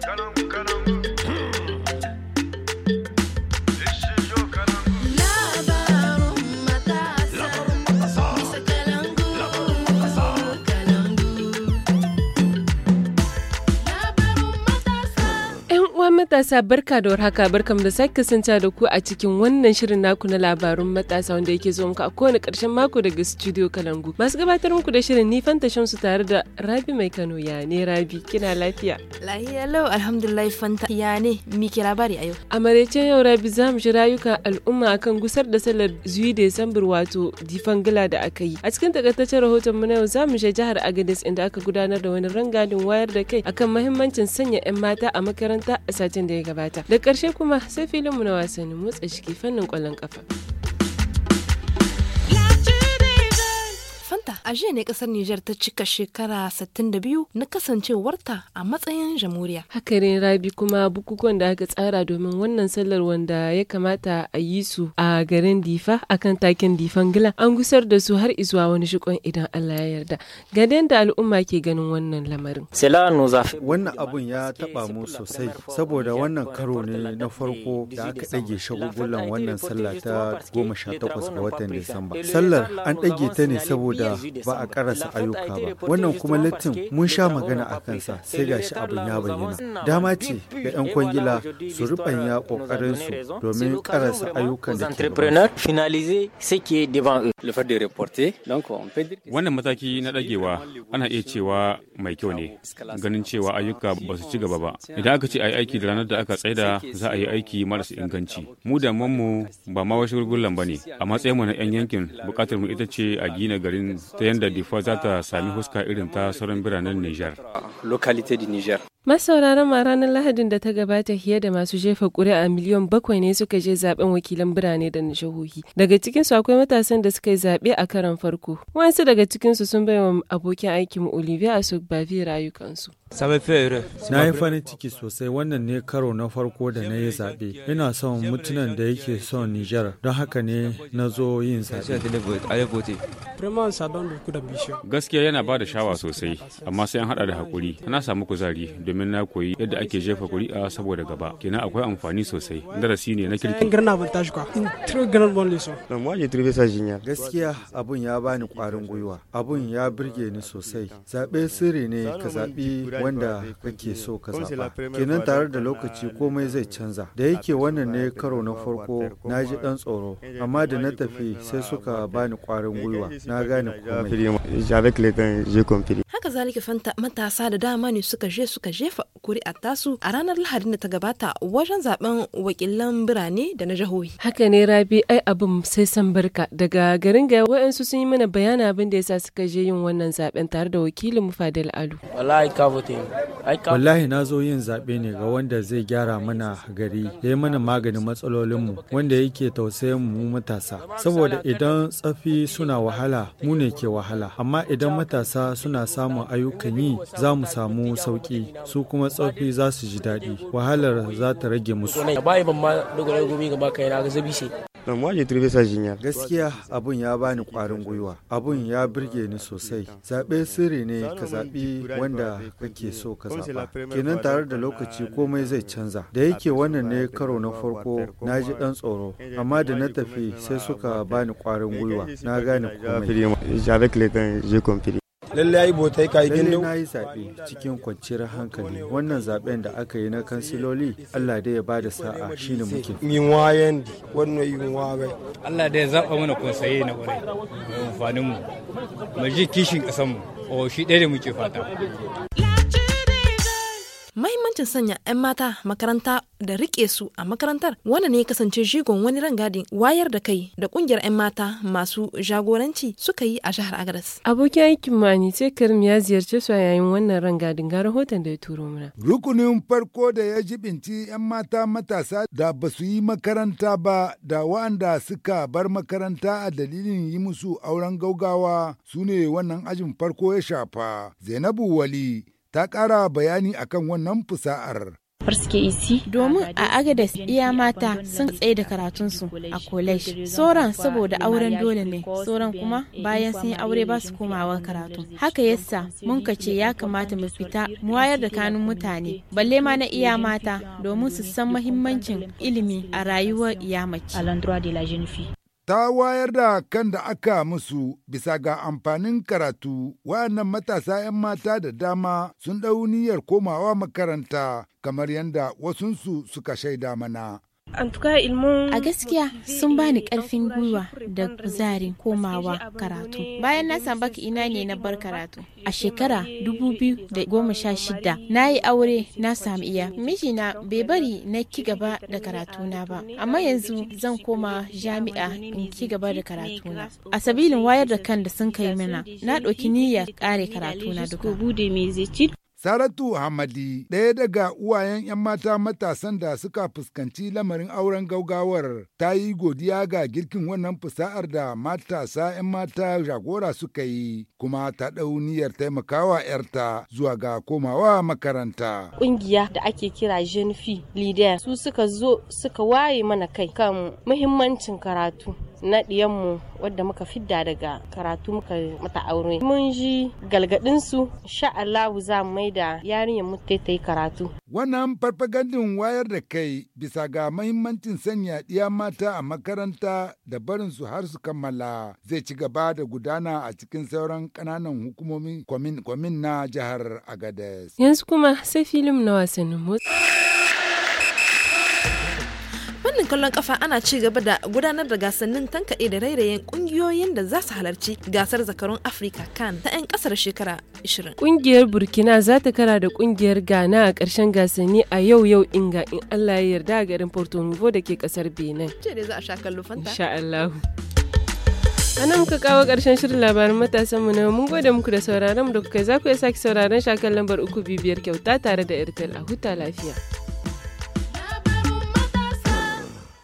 Caramba, caramba. matasa barka da warhaka barkam da sake da ku a cikin wannan shirin naku na labarun matasa wanda yake zo muku a kowane karshen mako daga studio Kalangu. Masu gabatar muku da shirin ni Fanta Shamsu tare da Rabi Mai Kano ya ne Rabi kina lafiya? Lahiya lau alhamdulillah Fanta ya ne miki labari a yau. A yau Rabi za mu shi rayukan al'umma akan gusar da sallar zuwi Desambar wato difangila da aka yi. A cikin takaitaccen rahoton mu na yau za mu shi jihar Agadez inda aka gudanar da wani rangadin wayar da kai akan mahimmancin sanya 'yan mata a makaranta a satin da ya gabata. Da ƙarshe kuma sai filinmu na wasannin motsa jiki fannin ƙwallon ƙafa. A jiya ne kasar Nijar ta cika shekara 62 na kasancewarta a matsayin jamhuriya. hakarin Rabi kuma bukukuwan da aka tsara domin wannan sallar wanda ya kamata a yi su a garin Difa a kan takin Difan Gila an gusar da su har izuwa wani shikon idan Allah ya yarda. Ga da al'umma ke ganin wannan lamarin. Wannan abun ya taba mu sosai saboda wannan karo ne na farko da aka ɗage shagugulan wannan sallah ta 18 ga watan Disamba. Sallar an ɗage ta ne saboda ba a karasa ayyuka ba wannan kuma littin mun sha magana a kansa sai ga shi abin ya bayyana dama ce ga 'yan kwangila su rubanya su domin karasa ayyukan da ke wannan mataki na dagewa ana iya cewa mai kyau ne ganin cewa ayyuka ba su ci gaba ba idan aka ce a yi aiki da ranar da aka tsaida za a yi aiki marasa inganci mu da mu ba ma wasu ba ne a matsayin mu na 'yan yankin bukatar mu ita ce a gina garin ta yadda difo za ta sami huska irin ta sauran biranen niger. Masauraran ma ranar Lahadin da ta gabata fiye da masu jefa ƙuri'a miliyan bakwai ne suka je zaben wakilan birane da na jihohi. Daga cikinsu akwai matasan da suka yi zaɓe a karan farko. Wasu daga cikinsu sun bai wa abokin aikin Olivia fi rayukansu. Na yi farin ciki sosai wannan ne karo na farko da na yi zaɓe. Ina son mutunan da yake son Nijar don haka ne na zo yin zaɓe. Gaskiya yana ba da shawa sosai, amma sai an haɗa da haƙuri. ana samu kuzari domin na koyi yadda ake jefa kuri'a saboda gaba kenan akwai amfani sosai darasi ne na kirki gaskiya abun ya bani kwarin gwiwa abun ya birge ni sosai zaɓe sirri ne ka zaɓi wanda kake so ka zaɓa kenan tare da lokaci komai zai canza da yake wannan ne karo na farko na ji ɗan tsoro amma da na tafi sai suka bani kwarin gwiwa na gane komai haka zalika fanta matasa da dama ne suka je suka je jefa kuri'a tasu a ranar Lahadin da ta gabata wajen zaben wakilan birane da na jihohi. Haka ne Rabi ai abin sai san barka daga garin ga wa'ansu sun yi mana bayana abin da ya sa suka je yin wannan zaben tare da wakilin mu Fadil Alu. Wallahi na zo yin zabe ne ga wanda zai gyara mana gari, yayi mana maganin matsalolin mu, wanda yake tausayin mu matasa. Saboda idan tsafi suna wahala, mu ne ke wahala, amma idan matasa suna samun ayyukan yi, za mu samu sauki. su kuma tsofi za su ji daɗi wahalar za ta rage musu gaskiya abun ya bani kwarin gwiwa abun ya birge ni sosai zaɓe sirri ne ka zaɓi wanda kake so ka zaɓa kenan tare da lokaci komai zai canza da yake wannan ne karo na farko na ji ɗan tsoro amma da na tafi sai suka bani kwarin gwiwa na gane komai lalle yayi botai kai gindo na yi zaɓe cikin kwanciyar hankali wannan zaɓen da aka yi na kansiloli Allah da ya bada sa'a shi ne muke yin wayan wannan yin waye Allah da ya zaba mana konsaye na kwarai amfanin mu mu ji kishin ƙasan mu o oh, shi ɗaya da muke fata mahimmancin sanya 'yan mata makaranta da rike su a makarantar wanda ne ya kasance jigon wani rangadin wayar da kai da kungiyar 'yan mata masu jagoranci suka yi a jihar agres abokin aikin mani ce karim ya ziyarce su a yayin wannan rangadin ga rahoton da ya turo mana rukunin farko da ya jibinci 'yan mata matasa da ba su yi makaranta ba da wa'anda suka bar makaranta a dalilin yi musu auren gaugawa su ne wannan ajin farko ya shafa zainabu wali ta ƙara bayani akan wannan fusa'ar. Domin a Agades iya mata sun tsaye da karatunsu a college. Sauran saboda auren dole ne, sauran kuma bayan sun yi aure ba su komawa karatu. Haka yasa mun ce ya kamata mu fita mu wayar da kanun mutane, balle ma na iya mata domin su san mahimmancin ilimi a rayuwar iya mace. ta wayar da kan da aka musu bisa ga amfanin karatu wayannan matasa 'yan mata da dama sun ɗau niyyar komawa makaranta kamar yadda wasunsu suka shaida mana. A gaskiya sun bani karfin gwiwa da kuzarin komawa karatu. Bayan na san ina ne na bar karatu. A shekara 2016 na yi aure na sami iya. Mijina bai bari na ki gaba da karatuna ba. Amma yanzu zan koma jami'a in ki gaba da karatuna. A sabilin wayar da kan da sun kai mana na ɗauki niyyar ƙare karatuna duka. Saratu Hamadi ɗaya daga uwayen 'yan mata matasan da suka fuskanci lamarin auren gaugawar ta yi godiya ga girkin wannan fusa'ar da matasa 'yan mata jagora suka yi kuma ta ɗau niyyar taimakawa 'yarta zuwa ga komawa makaranta. Ƙungiya da ake kira Jenfi Leader su suka zo suka waye mana kai kan muhimmancin karatu. na mu wadda muka fidda daga karatu muka mata aure mun ji su sha Allah za mu maida yarinyar mu ta karatu wannan farfagandin wayar da kai bisa ga mahimmancin sanya ɗiya mata a makaranta da barin su har su kammala zai ci gaba da gudana a cikin sauran ƙananan hukumomin kwamin na jihar Agadez yanzu kuma sai filim na wasanni motsa kwallon kafa ana ci gaba da gudanar da gasannin tankaɗe da rairayen ƙungiyoyin da za su halarci gasar zakarun Afirka kan ta 'yan ƙasar shekara 20. Ƙungiyar Burkina za ta kara da ƙungiyar Ghana a ƙarshen gasanni a yau yau inga in Allah ya yarda a garin Porto Novo da ke ƙasar Benin. Ce dai za a sha kallo fanta. Insha Allah. A nan muka kawo ƙarshen shirin labarin matasan mu na mun gode muku da sauraron mu da kuka za ku iya sake sauraron shakan lambar uku bibiyar kyauta tare da Airtel a huta lafiya.